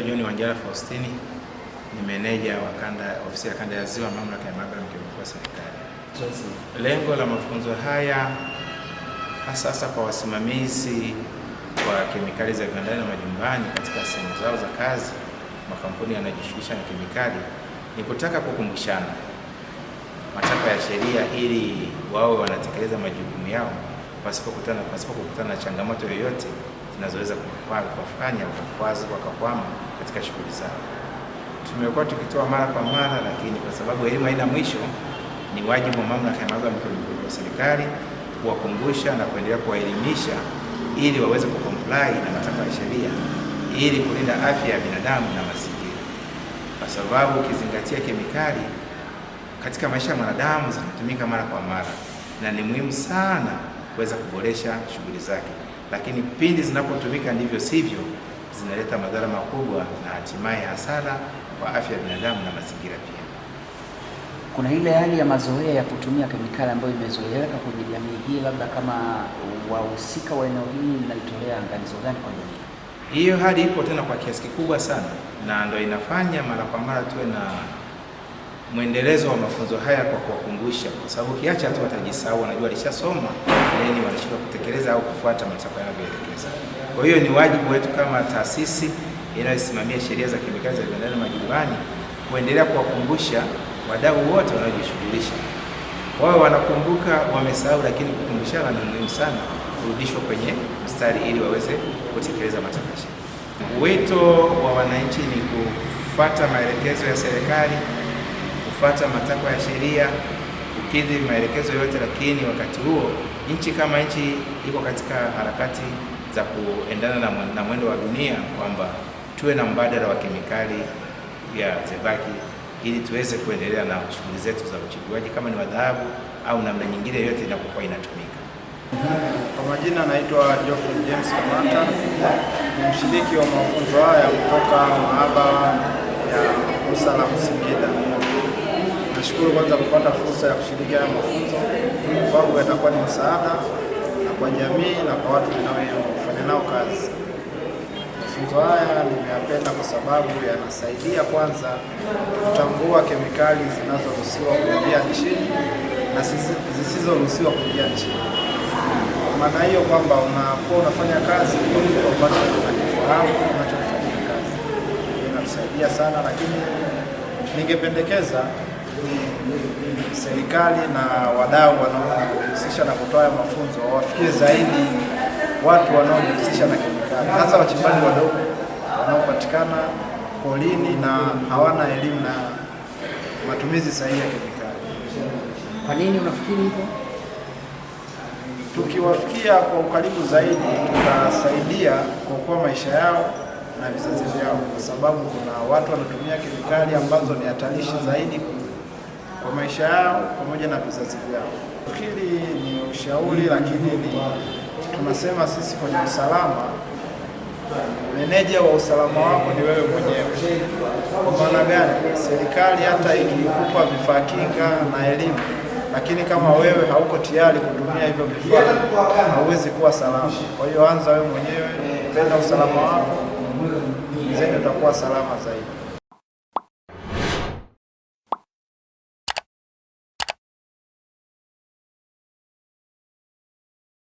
John Wanjala Faustini ni meneja wa kanda, ofisi ya kanda ya Ziwa, mamlaka ya maabara mkemia wa serikali. Lengo la mafunzo haya hasa hasa kwa wasimamizi wa kemikali za viwandani na majumbani katika sehemu zao za kazi, makampuni yanayojishughulisha na kemikali, ni kutaka kukumbushana matakwa ya sheria ili wawe wanatekeleza majukumu yao pasipo kukutana pasipo kukutana na changamoto yoyote zinazoweza kuwafanya wakakwama katika shughuli zao. Tumekuwa tukitoa mara kwa mara, lakini kwa sababu elimu haina mwisho, ni wajibu wa mamlaka ya maabara ya serikali kuwakumbusha na kuendelea kuwaelimisha ili waweze kucomply na matakwa ya sheria ili kulinda afya ya binadamu na mazingira, kwa sababu ukizingatia kemikali katika maisha ya mwanadamu zinatumika mara kwa mara, na ni muhimu sana kuweza kuboresha shughuli zake lakini pindi zinapotumika ndivyo sivyo, zinaleta madhara makubwa na hatimaye hasara kwa afya ya binadamu na mazingira pia. Kuna ile hali ya mazoea ya kutumia kemikali ambayo imezoeleka kwenye jamii hii, labda kama wahusika wa eneo hili linalitolea angalizo gani kwa jamii hiyo? Hali ipo tena kwa kiasi kikubwa sana, na ndio inafanya mara kwa mara tuwe na mwendelezo wa mafunzo haya kwa kuwakumbusha, kwa sababu kiacha tu watajisahau, wanajua alishasoma leni, wanashindwa kutekeleza au kufuata matakwa yanavyoelekeza. Kwa hiyo ni wajibu wetu kama taasisi inayosimamia sheria za kemikali za viwandani majumbani kuendelea kuwakumbusha wadau wote wanaojishughulisha, wao wanakumbuka wamesahau, lakini kukumbushana ni muhimu sana, kurudishwa kwenye mstari ili waweze kutekeleza matakwa ya sheria. Wito wa wananchi ni kufuata maelekezo ya serikali kufuata matakwa ya sheria, kukidhi maelekezo yote. Lakini wakati huo nchi kama nchi iko katika harakati za kuendana na mwendo wa dunia, kwamba tuwe na mbadala wa kemikali ya zebaki ili tuweze kuendelea na shughuli zetu za uchimbuaji kama ni madhahabu au namna nyingine yote inapokuwa inatumika. Kwa majina anaitwa Geoffrey James Kamata, ni mshiriki wa mafunzo haya kutoka maabara ya Usalama Singida. Nashukuru kwanza kupata fursa ya kushiriki haya mafunzo, kwangu yatakuwa ni msaada na kwa jamii na kwa watu ninaofanya nao kazi. Mafunzo haya nimeyapenda kwa sababu yanasaidia kwanza kutambua kemikali zinazoruhusiwa kuingia nchini na zisizoruhusiwa kuingia nchini. Maana hiyo kwamba unakuwa unafanya kazi kile ambacho unakifahamu unachofanyia kazi, inatusaidia sana, lakini ningependekeza serikali na wadau wanaojihusisha na kutoa mafunzo wawafikie zaidi watu wanaojihusisha na kemikali, hasa wachimbaji wadogo wanaopatikana polini na hawana elimu na matumizi sahihi ya kemikali. Kwa nini unafikiri hivyo? Tukiwafikia kwa ukaribu zaidi, tutasaidia kuokoa maisha yao na vizazi vyao, kwa sababu kuna watu wanatumia kemikali ambazo ni hatarishi zaidi kwa maisha yao pamoja na vizazi vyao. Hili ni ushauri, lakini ni tunasema sisi kwenye usalama, meneja wa usalama wako ni wewe mwenyewe. Kwa maana gani? Serikali hata ikikupa vifaa kinga na elimu lakini kama wewe hauko tayari kutumia hivyo vifaa hauwezi kuwa salama. Kwa hiyo anza wewe mwenyewe, penda usalama wako, zenu utakuwa salama zaidi.